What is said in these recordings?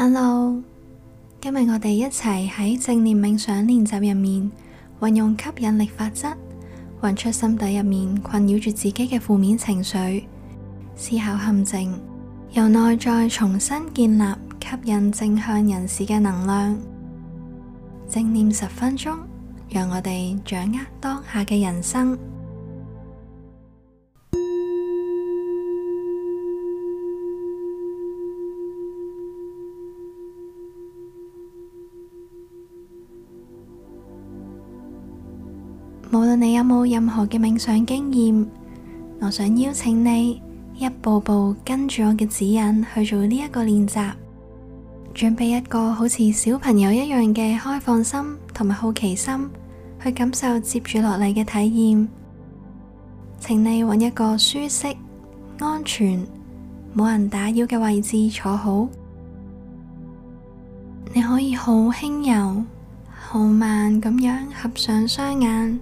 Hello，今日我哋一齊喺正念冥想練習入面，運用吸引力法則，揾出心底入面困擾住自己嘅負面情緒、思考陷阱，由內在重新建立吸引正向人事嘅能量。正念十分鐘，讓我哋掌握當下嘅人生。你有冇任何嘅冥想經驗？我想邀請你一步步跟住我嘅指引去做呢一個練習，準備一個好似小朋友一樣嘅開放心同埋好奇心，去感受接住落嚟嘅體驗。請你揾一個舒適、安全、冇人打擾嘅位置坐好。你可以好輕柔、好慢咁樣合上雙眼。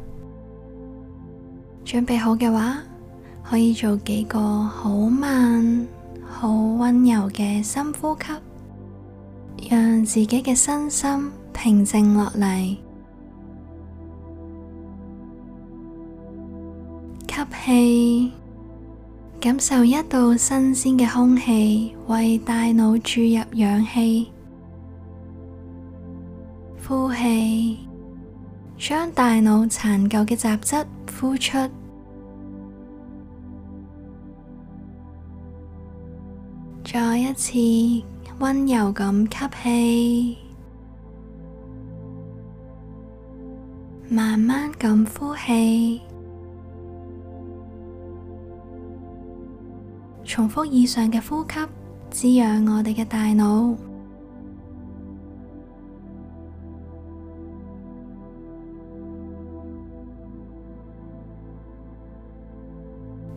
準備好嘅話，可以做幾個好慢、好溫柔嘅深呼吸，讓自己嘅身心平靜落嚟。吸氣，感受一道新鮮嘅空氣為大腦注入氧氣。呼氣。將大腦殘舊嘅雜質呼出，再一次溫柔咁吸氣，慢慢咁呼氣，重複以上嘅呼吸，滋養我哋嘅大腦。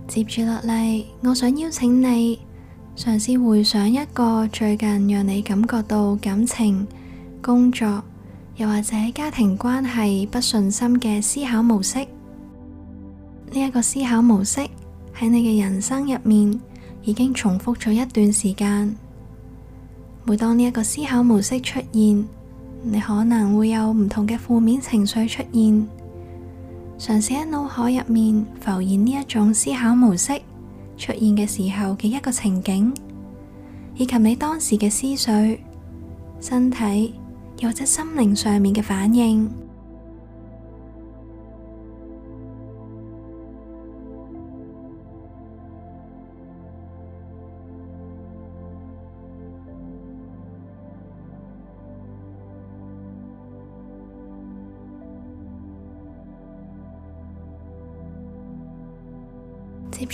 接住落嚟，我想邀請你嘗試回想一個最近讓你感覺到感情、工作又或者家庭關係不順心嘅思考模式。呢一個思考模式喺你嘅人生入面已經重複咗一段時間。每當呢一個思考模式出現，你可能會有唔同嘅負面情緒出現。嘗試喺腦海入面浮現呢一種思考模式出現嘅時候嘅一個情景，以及你當時嘅思緒、身體或者心靈上面嘅反應。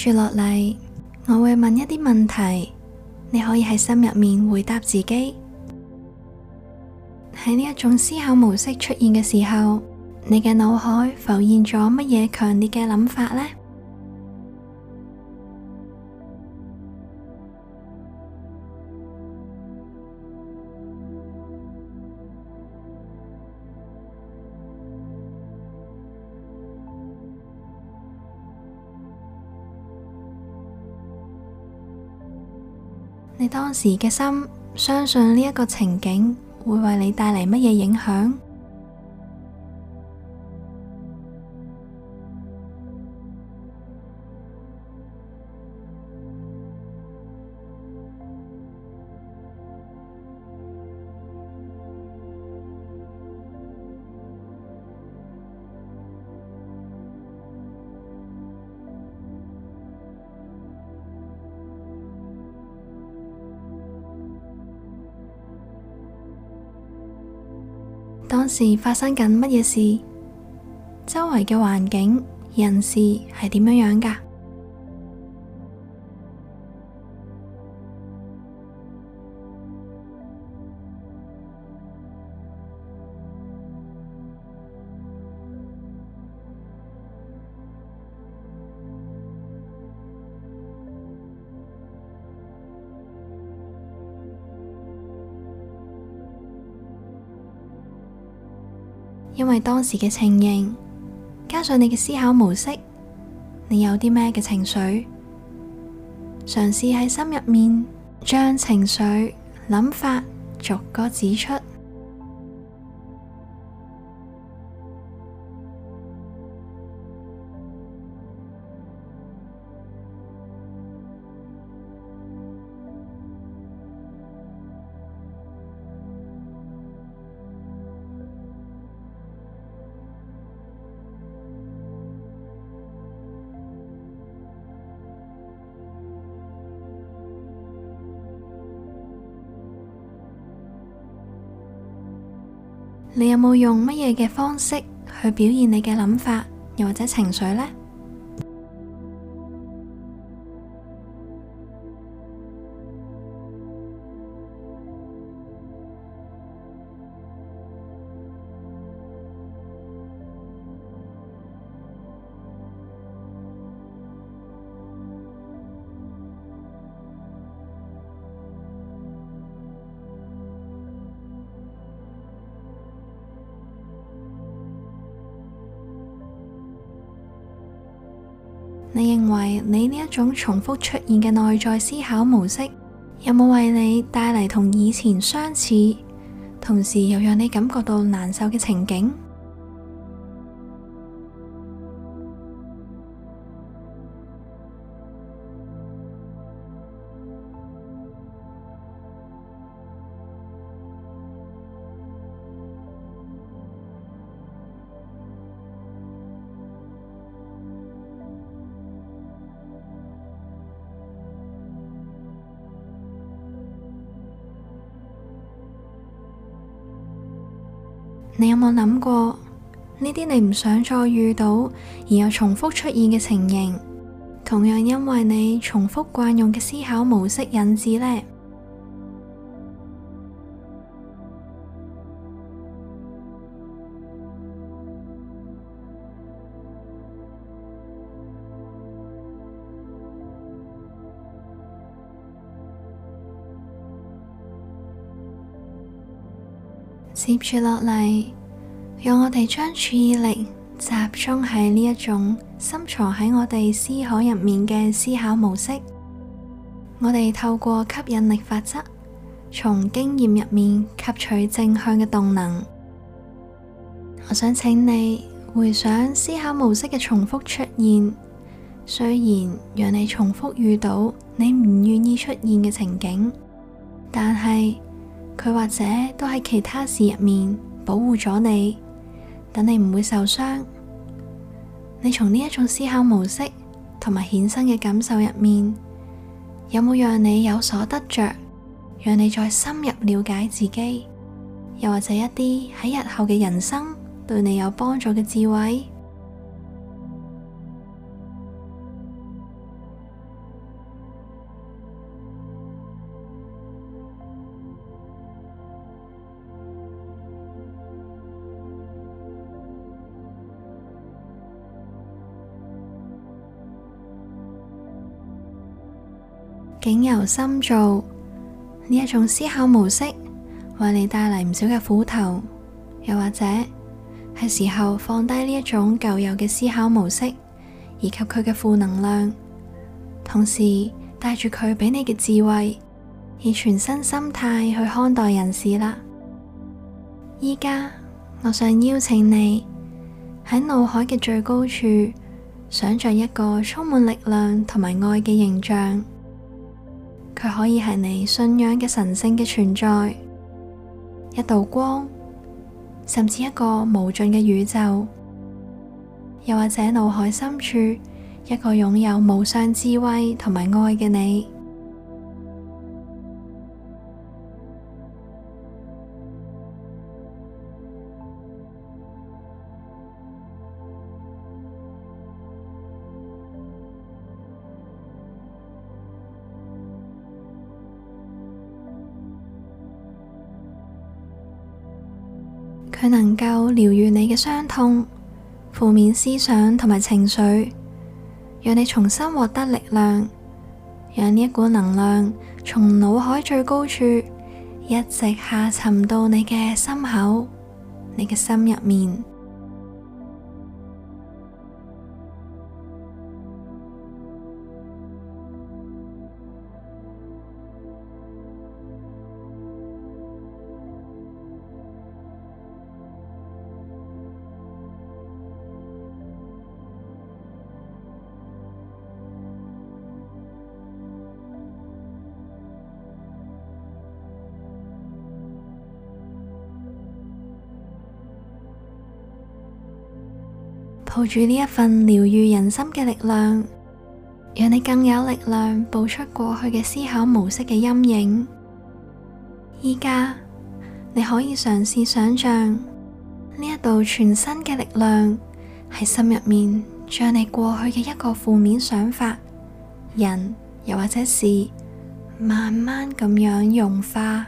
接落嚟，我會問一啲問題，你可以喺心入面回答自己。喺呢一種思考模式出現嘅時候，你嘅腦海浮現咗乜嘢強烈嘅諗法呢？你當時嘅心，相信呢一個情景會為你帶嚟乜嘢影響？當時發生緊乜嘢事？周圍嘅環境、人事係點樣樣噶？因為當時嘅情形，加上你嘅思考模式，你有啲咩嘅情緒？嘗試喺心入面，將情緒、諗法逐個指出。你有冇用乜嘢嘅方式去表現你嘅諗法，又或者情緒呢？你認為你呢一種重複出現嘅內在思考模式，有冇為你帶來同以前相似，同時又讓你感覺到難受嘅情景？你有冇諗過，呢啲你唔想再遇到而又重複出現嘅情形，同樣因為你重複慣用嘅思考模式引致呢？接住落嚟，讓我哋將注意力集中喺呢一種深藏喺我哋思考入面嘅思考模式。我哋透過吸引力法則，從經驗入面吸取正向嘅動能。我想請你回想思考模式嘅重複出現，雖然讓你重複遇到你唔願意出現嘅情景，但係，佢或者都喺其他事入面保護咗你，等你唔會受傷。你從呢一種思考模式同埋衍生嘅感受入面，有冇讓你有所得着，讓你再深入了解自己，又或者一啲喺日後嘅人生對你有幫助嘅智慧？境由心造，呢一種思考模式，為你帶嚟唔少嘅苦頭，又或者係時候放低呢一種舊有嘅思考模式，以及佢嘅負能量，同時帶住佢畀你嘅智慧，以全新心態去看待人事啦。而家我想邀請你喺腦海嘅最高處，想象一個充滿力量同埋愛嘅形象。佢可以係你信仰嘅神聖嘅存在，一道光，甚至一個無盡嘅宇宙，又或者腦海深處一個擁有無上智慧同埋愛嘅你。療愈你嘅傷痛、負面思想同埋情緒，讓你重新獲得力量，讓呢一股能量從腦海最高處一直下沉到你嘅心口，你嘅心入面。抱住呢一份療癒人心嘅力量，讓你更有力量步出過去嘅思考模式嘅陰影。而家你可以嘗試想象呢一道全新嘅力量喺心入面，將你過去嘅一個負面想法、人又或者事，慢慢咁樣融化。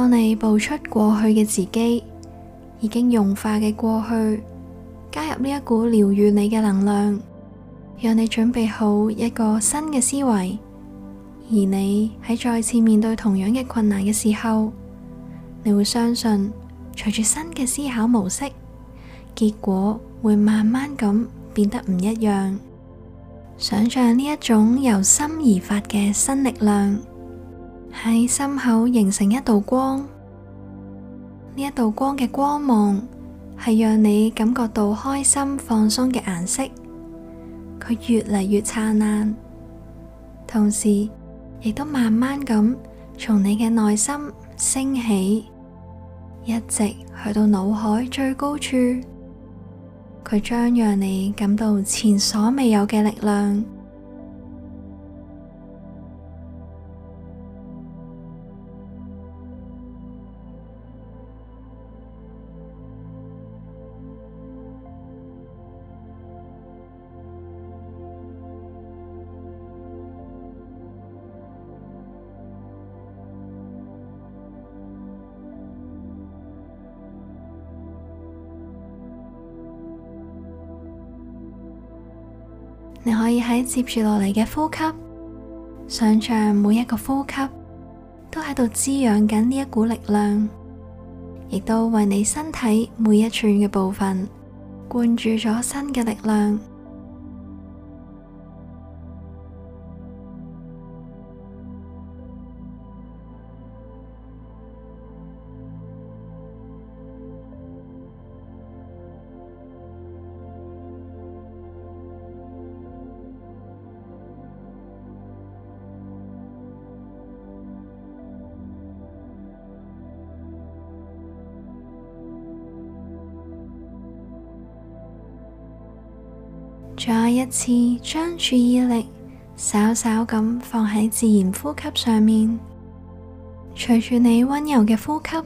當你步出過去嘅自己，已經融化嘅過去，加入呢一股療癒你嘅能量，讓你準備好一個新嘅思維。而你喺再次面對同樣嘅困難嘅時候，你會相信，隨住新嘅思考模式，結果會慢慢咁變得唔一樣。想象呢一種由心而發嘅新力量，喺心口形成一道光，呢一道光嘅光芒係讓你感覺到開心、放鬆嘅顏色，佢越嚟越燦爛，同時亦都慢慢咁從你嘅內心升起，一直去到腦海最高處，佢將讓你感到前所未有嘅力量。.你可以喺接住落嚟嘅呼吸，想象每一個呼吸都喺度滋養緊呢一股力量，亦都為你身體每一寸嘅部分灌注咗新嘅力量。再一次將注意力稍稍咁放喺自然呼吸上面，隨住你溫柔嘅呼吸，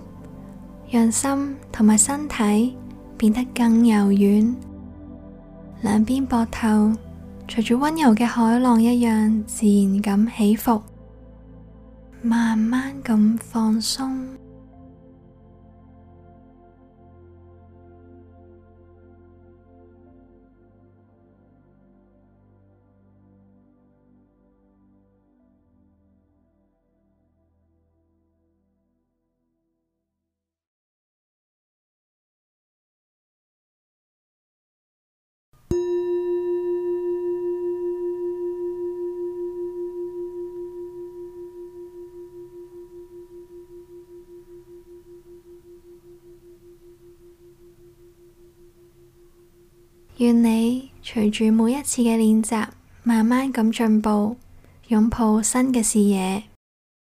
讓心同埋身體變得更柔軟。兩邊膊頭隨住溫柔嘅海浪一樣自然咁起伏，慢慢咁放鬆。願你隨住每一次嘅練習，慢慢咁進步，擁抱新嘅視野。